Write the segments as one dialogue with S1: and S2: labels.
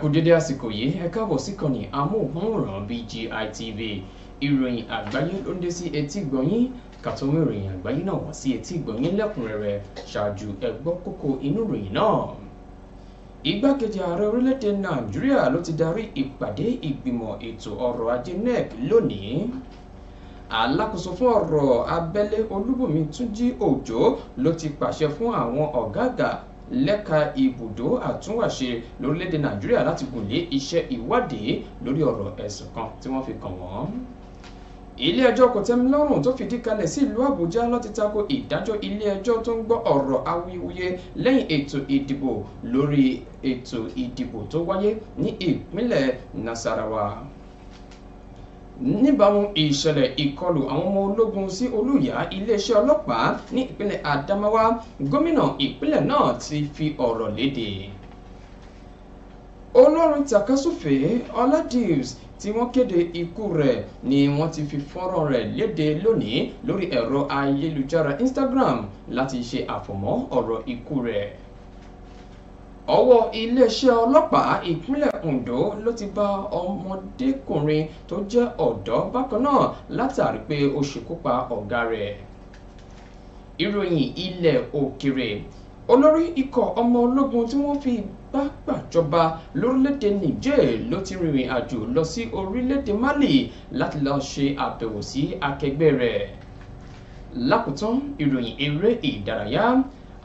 S1: kú dédé àsìkò yìí ẹ káàbọ̀ sí kànnì amóhùnmáwòrán BGI TV ìròyìn àgbáyé ló ń dé sí etí gbọ̀nyìn kàtúnwó ìròyìn àgbáyé náà wá sí etí gbọ̀nyìn lẹ́kùnrẹ́rẹ́ ṣáájú ẹgbọ́ kókó inú ìròyìn náà. igbákejì ààrẹ orílẹ̀-èdè nàìjíríà ló ti darí ìpàdé ìgbìmọ̀ ètò ọrọ̀ ajé nec lónìí alákòóso fún ọ̀rọ̀ abẹ́lé olúbùnmi túnjí òjò ló ti pàṣẹ fún àwọn ọ̀gá àgbà lẹ́ka ibùdó àtúnwàṣe lórílẹ̀‐èdè nàìjíríà láti gùn lé iṣẹ́ ìwádìí lórí ọ̀rọ̀ ẹ̀sùn kan tí wọ́n fi kàn wọ́n ilé ẹjọ́ kòtẹ́milọ́rùn tó fìdí kalẹ̀ sí ìlú àbújá ló ti tako ìdájọ́ ilé ẹjọ́ tó ń gbọ́ ọ̀rọ̀ awuyewuye lẹ́yìn ètò ìdìbò lórí ètò ìdìbò tó wáyé ní ìpínlẹ̀ nasarawa níbàámu ìṣẹ̀lẹ̀ ìkọlù àwọn ọmọ ológun sí olùyà iléeṣẹ́ ọlọ́pàá ní ìpínlẹ̀ Adamawa gómìnà ìpínlẹ̀ náà ti fi ọ̀rọ̀ léde olórin takasúfè ọládìs tí wọ́n kéde ikú rẹ̀ ni wọ́n ti fi fọ́nrán rẹ̀ léde lónìí lórí ẹ̀rọ ayélujára Instagram láti ṣe àfọ̀mọ́ ọ̀rọ̀ ikú rẹ̀ ọwọ́ iléeṣẹ́ ọlọ́pàá ìpínlẹ̀ Ondo ló ti bá ọmọdékùnrin tó jẹ́ ọ̀dọ́ bákan náà látàrí pé ó ṣekú pa ọ̀gá rẹ̀ ìròyìn ilẹ̀ òkèrè olórí ikọ̀ ọmọ ológun tí wọ́n fi bá gbàjọba lórílẹ̀‐èdè Niger ló ti rìnrìn àjò lọ sí orílẹ̀‐èdè Mali láti lọ ṣe àbẹ̀wò sí akẹgbẹ́ rẹ̀ lákòótán ìròyìn eré ìdárayá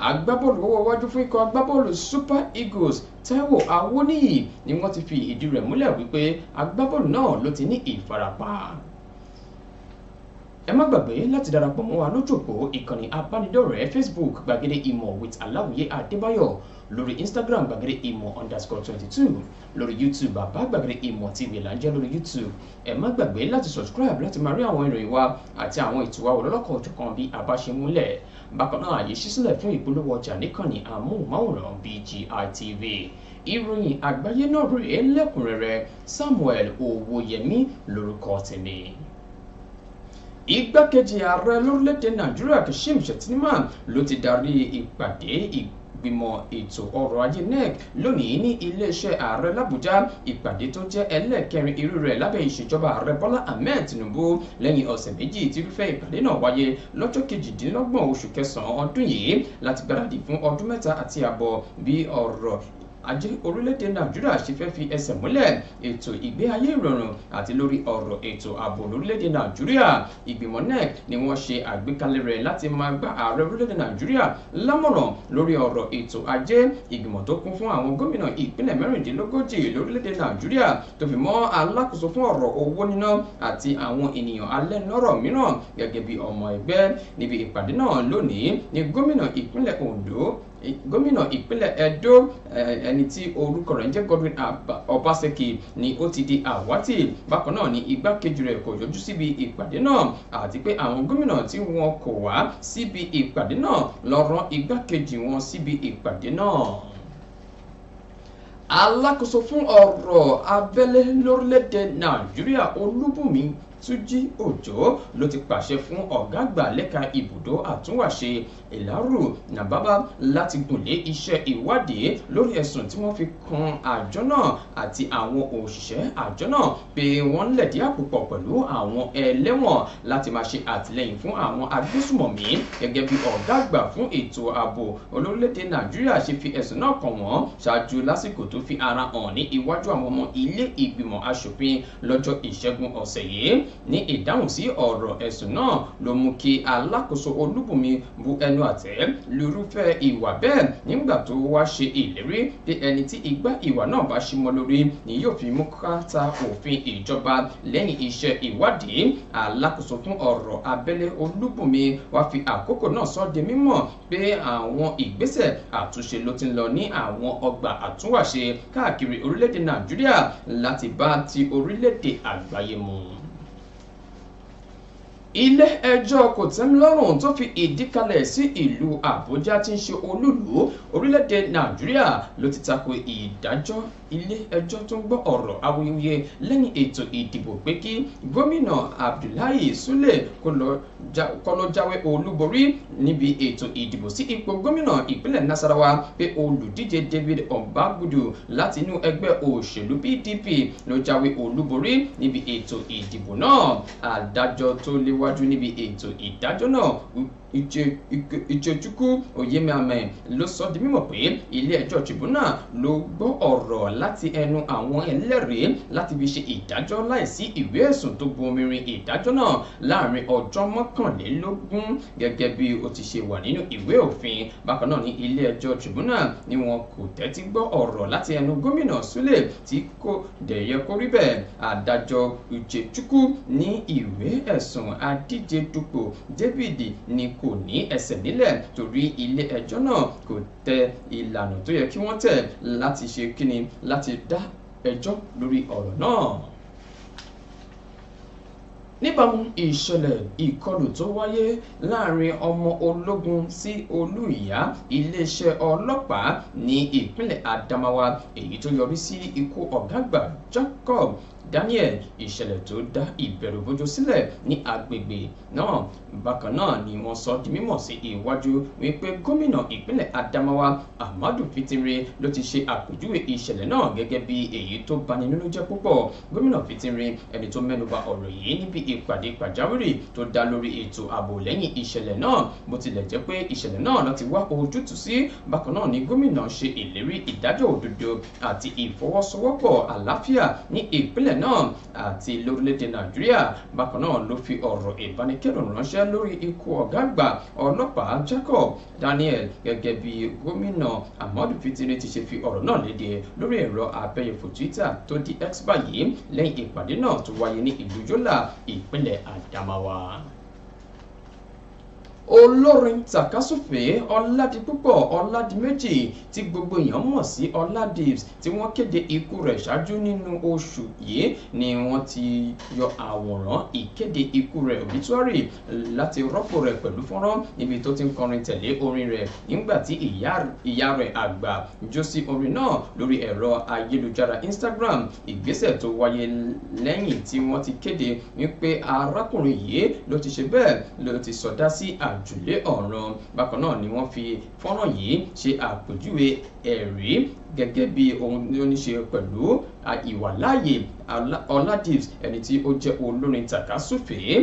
S1: agbábọ́ọ̀lù lọ́wọ́ iwájú fún ikọ̀ agbábọ́ọ̀lù Super Eagles Taiwo Awoniyi ni wọ́n ti fi ìdí rẹ̀ múlẹ̀ wípé agbábọ́ọ̀lù náà ló ti ní ìfarapa ẹ má gbàgbé láti darapọ̀ mọ́ wa lójú òpó ìkànnì abánidọ́rẹ̀ẹ́ facebook gbàgede ìmọ̀ with aláwìyé adébáyọ̀ lórí instagram gbàgede ìmọ̀ underscore twenty two lórí youtube bàbá gbàgede ìmọ̀ tv là lórí youtube ẹ má gbàgbé láti subscribe láti máa rí àwọn ìròyìn wa àti àwọn ètò wa òlọ́lọ́kọ̀ bákan náà àyè ṣí sílẹ̀ fún ìpolówó ọjà níkànnì amóhùnmáwòrán TV ìròyìn àgbáyé náà rèé lẹ́kùnrẹ́rẹ́ Samuel Owóyẹmí lórúkọ tèmi igbákejì ààrẹ lórílẹ̀‐èdè Nàìjíríà Kashim Shettima ló ti darí ìpàdé ìgbà ìgbìmọ̀ ètò ọrọ̀ ajé nec lónìí ní iléeṣẹ́ ààrẹ làbújá ìpàdé tó jẹ́ ẹlẹ́ẹ̀kẹrin irú rẹ̀ lábẹ́ ìṣèjọba ààrẹ bọ́lá ahmed tinubu lẹ́yìn ọ̀sẹ̀ méjì tí irúfẹ́ ìpàdé náà wáyé lọ́jọ́ kejìdínlọ́gbọ̀n oṣù kẹsàn-án ọdún yìí láti gbáradì fún ọdún mẹ́ta àti àbọ̀ bí ọ̀rọ̀ ajé orílẹ̀-èdè nàìjíríà ṣe fẹ́ fi ẹsẹ̀ múlẹ̀ ètò ìgbé ayé ìrọ̀rùn àti lórí ọ̀rọ̀ ètò ààbò lórílẹ̀-èdè nàìjíríà ìgbìmọ̀ nec ni wọ́n ṣe àgbékalẹ̀ rẹ̀ láti máa gba ààrẹ orílẹ̀-èdè nàìjíríà lámọ̀ràn lórí ọ̀rọ̀ ètò ajé ìgbìmọ̀ tó kún fún àwọn gómìnà ìpínlẹ̀ mẹ́rìndínlógójì lórílẹ̀-èdè nàìjíríà tó fi mọ́ alákòóso fún ọ̀rọ̀ owó níná àti àwọn ènìyàn alẹ́nọ́rọ̀ mìíràn gẹ́gẹ́ bí ni gómìnà ìpínlẹ̀ ondo gómìnà ìpínlẹ̀ Edo ẹni tí orúkọ rẹ̀ ń jẹ́ Godwin Obaseki ni ó ti di àwátì bákan náà ni igbákejì rẹ̀ kò yọjú síbi ìpàdé náà àti pé àwọn gómìnà tí wọn kò wá síbi ìpàdé náà lọ rán igbákejì wọn síbi ìpàdé náà alákòóso fún ọ̀rọ̀ abẹ́lé lórílẹ̀‐èdè nàìjíríà olúbùnmi túnjí òjò ló ti pàṣẹ fún ọ̀gá àgbà lẹ́ka ibùdó àtúnwàṣe ìlárù nàbàbà láti gùnlé iṣẹ́ ìwádìí lórí ẹ̀sùn tí wọ́n fi kan àjọ náà àti àwọn òṣìṣẹ́ àjọ náà pé wọ́n ń lẹ̀dí àpòpọ̀ pẹ̀lú àwọn ẹlẹ́wọ̀n láti máa ṣe àtìlẹ́yìn fún àwọn agbésùmọ̀mí gẹ́gẹ́ bí ọ̀gá àgbà fún ètò ààbò olórílẹ̀‐èdè nàìjíríà ṣe fi ẹ̀sùn náà kàn wọ́n ṣáájú lásìkò tó fi ara hàn ní iwájú àwọn ọmọ ilé ìgbìmọ̀ asòfin lọ́jọ́ ìṣẹ́gun ọ̀sẹ̀ yìí ní ìdáhùn sí ọ̀rọ̀ ẹ̀sùn náà ló mú kí alákòóso olúbùnmi bu ẹnu àtẹ́ lórúfẹ́ ìwà bẹ́ẹ̀ nígbà tó wá ṣe ìlérí pé ẹni tí igbá ìwà náà bá ṣe mọ́ lórí ni yóò fi mú káta òfin ìjọba lẹ́yìn iṣẹ́ ìwádìí alákòóso fún ọ̀rọ̀ abẹ́lé olúbùnmi wá fi àkókò náà sọ di mímọ̀ pé àwọn ìgbésẹ̀ àtúnṣe ló ti ń lọ ní àwọn ọgbà àtúnwàṣe káàkiri orílẹ̀-èdè nàìjíríà láti bá ti orílẹ̀-èdè àgbáyé mu ilé ẹjọ́ kòtẹ́milọ́rùn tó fi ìdíkalẹ̀ sí ìlú àbújá tí ń ṣe olúlu orílẹ̀-èdè nàìjíríà ló ti tako ìdájọ́ ilé ẹjọ́ tó ń gbọ́ ọ̀rọ̀ awuyewuye lẹ́yìn ètò ìdìbò pé kí gómìnà abdullahi sule kó lọ jáwé olúborí níbi ètò ìdìbò sí ipò gómìnà ìpínlẹ̀ nasarawa pé olùdíje david ọ̀bágudù láti inú ẹgbẹ́ òṣèlú pdp ló jáwé olúborí níbi ètò ìdìbò náà adájọ́ tó léwá tẹ̀síwájú níbi ètò ìdájọ́ náà ìjẹjúkú oyemiame ló sọ di mímọ̀ pé ilé ẹjọ́ tìbúnà ló gbọ́ ọ̀rọ̀ láti ẹnu àwọn ẹlẹ́rìí láti fi ṣe ìdájọ́ láìsí ìwé ẹ̀sùn tó bomirin ìdájọ́ náà láàrin ọjọ́ mọ́kànlélógún gẹ́gẹ́ bí ó ti ṣe wà nínú ìwé òfin bákan náà ní ilé ẹjọ́ tìbúnà ni wọn kò tẹ́tí gbọ́ ọ̀rọ̀ láti ẹnu gómìnà Sule tí kò dẹ̀yẹ kó rí bẹ́ẹ̀ adájọ́ ìjẹjúkú ní ìwé ẹ̀sùn adíje David ni k kò ní ẹsẹ̀ nílẹ̀ torí ilé ẹjọ́ náà kò tẹ ìlànà tó yẹ kí wọ́n tẹ̀ láti ṣe kíni láti dá ẹjọ́ lórí ọ̀rọ̀ náà níbàámu ìṣẹ̀lẹ̀ ìkọlù tó wáyé láàrin ọmọ ológun sí olú iléeṣẹ́ ọlọ́pàá ní ìpínlẹ̀ Adamawa èyí tó yọrí sí ikú ọ̀gá àgbà Jacob Daniel ìṣẹ̀lẹ̀ tó dá ìbẹ̀rù bojo sílẹ̀ ní agbègbè náà bákan náà ni wọ́n sọ di mímọ̀ sí iwájú wípé gómìnà ìpínlẹ̀ Adamawa Ahmadu Fintiri ló ti ṣe àpèjúwe ìṣẹ̀lẹ̀ náà gẹ́gẹ́ bí èyí tó bani nínú jẹ́ púpọ̀ gómìnà Fintiri ẹni tó mẹ́nuba ọ̀rọ̀ yìí níbi ìpàdé pàjáwìrì tó dá lórí ètò ààbò lẹ́yìn ìṣẹ̀lẹ̀ náà bó tilẹ̀ jẹ́ pé ìṣẹ̀lẹ̀ náà láti wá ojútùú sí bákan náà ni gómìnà ṣe ìlérí ìdájọ́ òdodo àti ìfọwọ́sowọ́pọ̀ àlàáfíà ní ìpínlẹ̀ nílẹ̀ náà àti lórílẹ̀‐èdè nàìjíríà bákan náà ló fi ọ̀rọ̀ ìbánikẹ́dùn ránṣẹ́ lórí ikú ọ̀gá àgbà ọlọ́pàá Jacob Daniel gẹ́gẹ́ bí gómìnà Ahmadu Fintiri ti ṣe fi ọ̀rọ̀ náà léde lórí ẹ̀rọ abẹ́yẹfò Twitter tó di X báyìí lẹ́yìn ìpàdé náà tó wáyé ní ìlú Yola ìpínlẹ̀ Adamawa olórin tàkásùfé ọládipúpọ̀ ọládìméjì tí gbogbo èèyàn mọ̀ sí ọládìps tí wọ́n kéde ikú rẹ̀ ṣáájú nínú oṣù yìí ni wọ́n ti yọ àwòrán ìkéde ikú rẹ̀ obituary láti rọ́pò rẹ̀ pẹ̀lú fọ́nrán ibi tó ti ń kọrin tẹ̀lé orin rẹ̀ nígbà tí ìyá rẹ̀ àgbà jó orin náà lórí ẹ̀rọ ayélujára Instagram ìgbésẹ̀ tó wáyé lẹ́yìn tí wọ́n ti kéde wípé arákùnrin yìí ló ti ṣe bẹ́ẹ̀ ló ti sọdá sí àgbà àjùlé ọ̀ràn bákan náà ni wọ́n fi fọ́nrán yìí ṣe àpèjúwe ẹ̀rí gẹ́gẹ́ bí ohun tí ó ní ṣe pẹ̀lú ìwàláàyè ọládìs ẹni tí ó jẹ́ olórin tàkásùfèé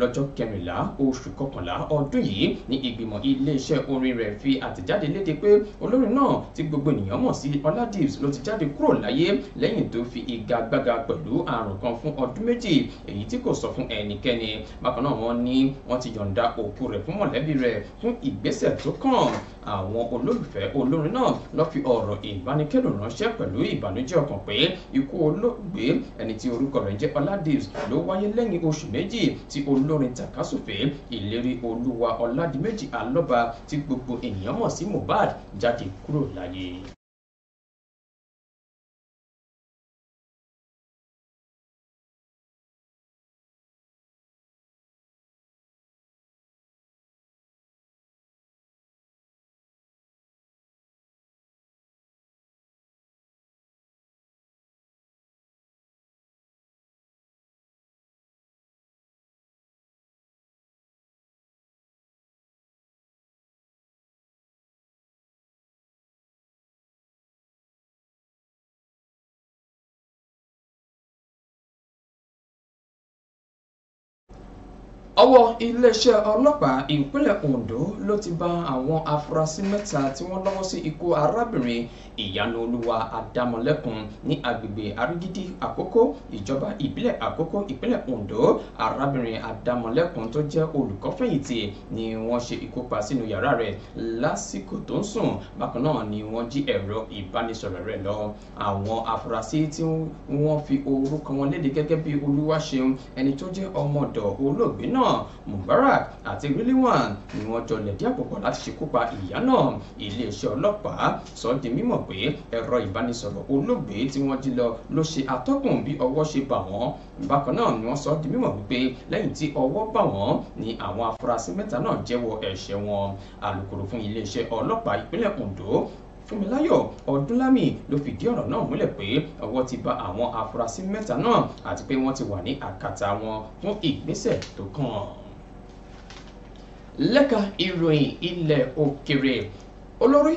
S1: lọ́jọ́ kẹrìnlá oṣù kọkànlá ọdún yìí ní ìgbìmọ̀ iléeṣẹ́ orin rẹ̀ fi àtẹ̀jáde léde pé olórin náà tí gbogbo ènìyàn mọ̀ sí Ọládìs ló ti jáde kúrò láyé lẹ́yìn tó fi ìgagbága pẹ̀lú àrùn kan fún ọdún méjì èyí tí kò sọ fún ẹnikẹ́ni bákan náà wọ́n ní wọ́n ti yọ̀ǹda òkú rẹ̀ fún mọ̀lẹ́bí rẹ̀ fún ìgbésẹ̀ tó kàn àwọn olólùfẹ́ olórin náà ló fi ọ̀rọ̀ ìbánikẹ́dùn ránṣẹ́ pẹ̀lú ìbànújẹ́ ọkàn pé ikú olóògbé ẹni tí orúkọ rẹ̀ jẹ́ Ọládìs ló wáyé lẹ́yìn oṣù méjì tí olórin tàkásùfé ìlérí olúwa Ọládìméjì Alọ́ba tí gbogbo ènìyàn mọ̀ sí Mohbad jáde kúrò láyé. ọwọ́ iléeṣẹ́ ọlọ́pàá ìpínlẹ̀ Ondo ló ti ba àwọn afurasí mẹ́ta tí wọ́n lọ́wọ́ sí ikú arábìnrin ìyanu olúwa adámọ̀lẹ́kùn ní agbègbè arigidi àkókò ìjọba ìbílẹ̀ àkókò ìpínlẹ̀ Ondo arábìnrin adámọ̀lẹ́kùn tó jẹ́ olùkọ́fẹ̀yìntì ni wọ́n ṣe ikú pa sínú yàrá rẹ̀ lásìkò tó ń sùn bákan náà ni wọ́n jí ẹ̀rọ ìbánisọ̀rọ̀ rẹ̀ lọ àwọn afurasí tí wọ́n fi orúkọ wọn léde gẹ́gẹ́ bí olúwaṣeun ẹni tó jẹ́ ọmọdọ̀ olóògbé náà náà Mubarak àti Rilwan ni wọ́n jọ lẹ̀dí àpòpọ̀ láti ṣekú pa ìyá náà iléeṣẹ́ ọlọ́pàá sọ di mímọ̀ pé ẹ̀rọ ìbánisọ̀rọ̀ olóògbé tí wọ́n jí lọ ló ṣe atọ́kùn bí ọwọ́ ṣe bà wọ́n bákan náà ni wọ́n sọ di mímọ̀ wípé lẹ́yìn tí ọwọ́ bà wọ́n ni àwọn afurasí mẹ́ta náà jẹ́wọ́ ẹ̀ṣẹ̀ wọn alukoro fún iléeṣẹ́ ọlọ́pàá ìpínlẹ̀ Ondo Fúnmiláyọ̀ Ọdúnlámì ló fìdí ọ̀rọ̀ náà múlẹ̀ pé ọwọ́ ti bà àwọn afurasí mẹ́ta náà àti pé wọ́n ti wà ní àkàtà wọn fún ìgbésẹ̀ tó kàn. lẹ́ka ìròyìn ilẹ̀ òkèrè olórí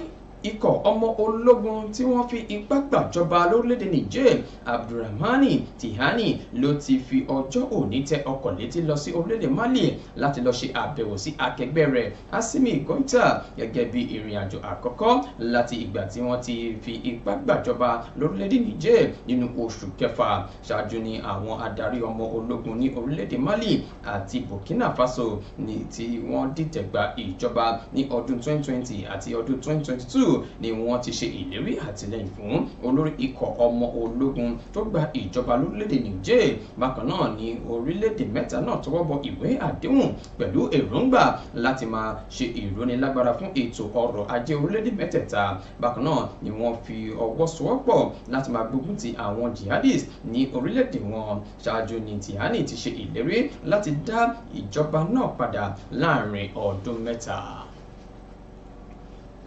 S1: ikọ̀ ọmọ ológun tí wọ́n fi ipá gbàjọba lórílẹ̀‐èdè Niger Abdulrahmani Tihani ló ti fi ọjọ́ òní tẹ ọkọ̀ létí lọ sí orílẹ̀‐èdè Mali láti lọ ṣe àbẹ̀wò sí akẹgbẹ́ rẹ̀ Assimi Goita gẹ́gẹ́ bí ìrìn àjò àkọ́kọ́ láti ìgbà tí wọ́n ti fi ipá gbàjọba lórílẹ̀‐èdè Niger nínú oṣù kẹfà ṣáájú ni àwọn adarí ọmọ ológun ní orílẹ̀‐èdè Mali àti Burkina Faso ni tí wọ́n dìtẹ̀ gba ìjọba ní ọdún 2020 àti ọdún 2022 jésù ni wọ́n ti ṣe ìlérí àtìlẹ́yìn fún olórí ikọ̀ ọmọ ológun tó gba ìjọba lórílẹ̀‐èdè niger bákan náà ni orílẹ̀‐èdè mẹ́ta náà tọwọ́ bọ ìwé àdéhùn pẹ̀lú èròǹgbà láti máa ṣe ìrónilágbára fún ètò ọrọ̀ ajé orílẹ̀‐èdè mẹ́tẹ̀ẹ̀ta bákan náà ni wọ́n fi ọwọ́ sowọ́pọ̀ láti máa gbógun ti àwọn jihadis ní orílẹ̀‐èdè wọn ṣáájú ni tìhánì ti ṣe ìlérí láti dá ìjọba náà padà láàrin ọdún mẹ́ta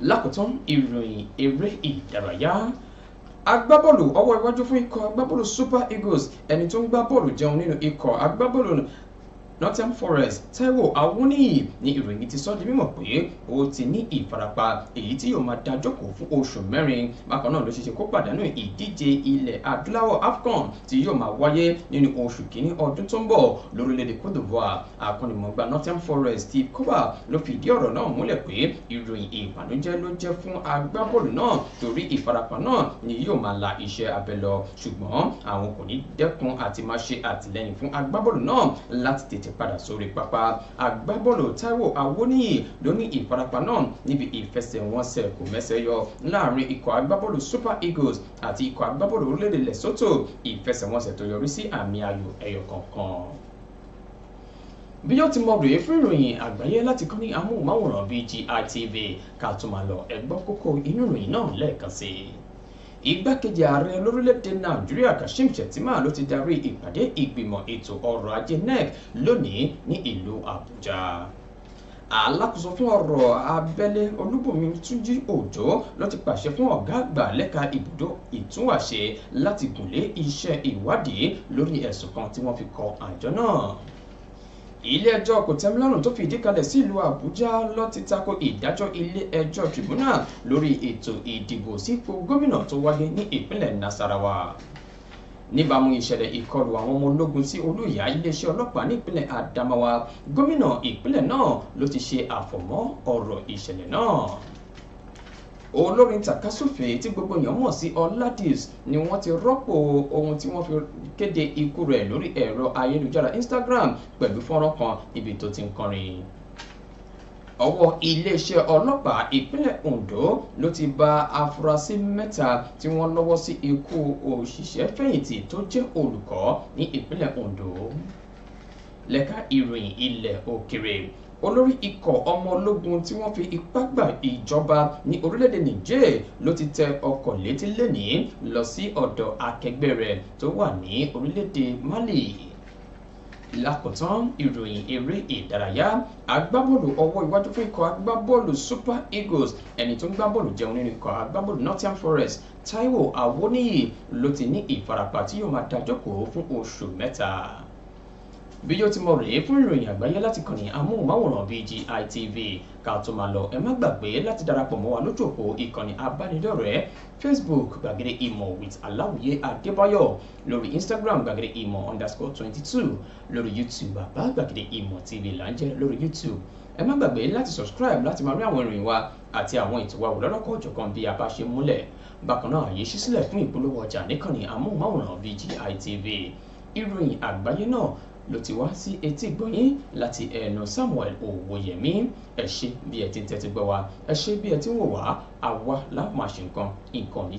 S1: lákòótán ìròyìn eré ìdárayá agbábọ́ọ̀lù ọwọ́ iwájú fún ikọ̀ agbábọ́ọ̀lù super eagles ẹni tó ń gbá bọ́ọ̀lù jẹun nínú ikọ̀ agbábọ́ọ̀lù Nottingham Forest Taiwo Awoniyi ní ìròyìn ti sọ di mímọ̀ pé ó ti ní ìfarapa èyí tí yóò máa da jókòó fún oṣù mẹ́rin bákan náà ló ṣeṣe kó pàdánù ìdíje ilẹ̀ adúláwọ̀ AFCON tí yóò máa wáyé nínú oṣù kínní ọdún tó ń bọ̀ lórílẹ̀‐èdè Cote d'Ivoire akọ́nimọ̀gbà Nottingham Forest Steve Cooper ló fìdí ọ̀rọ̀ náà múlẹ̀ pé ìròyìn ìbànújẹ́ ló jẹ́ fún agbábọ́ọ̀lù náà torí ìfarapa náà ni yóò máa la iṣẹ́ abẹ lọ ṣùgbọ́n àwọn kò ní dẹ́kun àti máa ṣe àtìlẹ́yìn fún agbábọ́ọ̀lù náà láti tètè padà sórí pápá agbábọ́ọ̀lù Táíwò Awóníyì ló ní ìfarapa náà níbi ìfẹsẹ̀wọnsẹ̀ kò mẹ́sẹ̀ yọ láàrin ikọ̀ agbábọ́ọ̀lù Super Eagles àti ikọ̀ agbábọ́ọ̀lù orílẹ̀-èdè Lesotho ìfẹsẹ̀wọnsẹ̀ tó yọrí sí àmì ayò ẹyọ kọ̀ọ̀kan bí yóò ti mọ rèé fún ìròyìn àgbáyé láti kọ́ ní amóhùnmáwòrán BGI TV ká tó máa lọ ẹ kókó inú ìròyìn náà lẹ́ẹ̀kan sí i igbákejì ààrẹ lórílẹ̀‐èdè nàìjíríà kashim shettima ló ti darí ìpàdé ìgbìmọ̀ ètò ọrọ̀ ajé nec lónìí ní ìlú àbújá alákòóso fún ọ̀rọ̀ abẹ́lé olúbùnmi túnjí òjò ló ti pàṣẹ fún ọ̀gá àgbà lẹ́ka ibùdó ìtúnwàṣe láti gùnlé iṣẹ́ ìwádìí lórí ẹ̀sùn kan tí wọ́n fi kọ àjọ náà ilé-ẹjọ́ kòtẹ́milọ́rùn tó fìdí kalẹ̀ sí ìlú àbújá ló ti tako ìdájọ́ ilé-ẹjọ́ tribunal lórí ètò ìdìbò sípò gómìnà tó wáyé ní ìpínlẹ̀ nasarawa níbàámu ìṣẹ̀lẹ̀ ìkọlù àwọn ọmọ ológun sí olúyà iléeṣẹ́ ọlọ́pàá nípínlẹ̀ adamawa gómìnà ìpínlẹ̀ náà ló ti ṣe àfọ̀mọ́ ọ̀rọ̀ ìṣẹ̀lẹ̀ náà olórin takasúfè tí gbogbo èèyàn mọ̀ sí ọládìs ni wọ́n ti rọ́pò ohun tí wọ́n fi kéde ikú rẹ̀ lórí ẹ̀rọ ayélujára Instagram pẹ̀lú fọ́nrán kan ibi tó ti ń kọrin ọwọ́ iléeṣẹ́ ọlọ́pàá ìpínlẹ̀ Ondo ló ti ba afurasí mẹ́ta tí wọ́n lọ́wọ́ sí ikú òṣìṣẹ́ fẹ̀yìntì tó jẹ́ olùkọ́ ní ìpínlẹ̀ Ondo lẹ́ka ìròyìn ilẹ̀ òkèrè olórí ikọ̀ ọmọ ológun tí wọ́n fi ipá gbà ìjọba ní orílẹ̀-èdè Niger ló ti tẹ ọkọ̀ létí lénìí lọ sí ọ̀dọ̀ akẹgbẹ́ rẹ̀ tó wà ní orílẹ̀-èdè Mali lákòótán ìròyìn eré ìdárayá agbábọ́ọ̀lù ọwọ́ iwájú fún ikọ̀ agbábọ́ọ̀lù Super Eagles ẹni tó ń gbábọ́ọ̀lù jẹun nínú ikọ̀ agbábọ́ọ̀lù Nottingham Forest Taiwo Awoniyi ló ti ní ìfarapa tí yóò máa dájókòó fún oṣù mẹ́ta bí yóò ti mọ rèé fún ìròyìn àgbáyé láti kànnì amóhùnmáwòrán BGI TV ká tó máa lọ ẹ má gbàgbé láti darapọ̀ mọ́ wa lójú òpó ìkànnì abánidọ́rẹ̀ẹ́ Facebook gbàgede ìmọ̀ with aláwìyé adébáyọ̀ lórí Instagram gbàgede ìmọ̀ underscore twenty two lórí YouTube bàbá gbàgede ìmọ̀ TV là ń lórí YouTube ẹ má gbàgbé láti subscribe láti máa rí àwọn ìròyìn wa àti àwọn ètò wa òlọ́lọ́kọ̀ ọ̀jọ̀kan bí a bá ṣe múlẹ̀ bákan náà àyè ṣí sílẹ̀ fún ìpolówó ọjà níkànnì amóhùnmáwòrán BGI TV ìròyìn àgbáyé náà ló ti wá sí etí gbọ̀nyìn láti ẹnu Samuel Owóyẹmí ẹ ṣé bí ẹ ti ń tẹ́tí gbọ́ wa ẹ ṣé bí ẹ ti ń wò wá àwa la máa ṣe nǹkan nǹkan ní.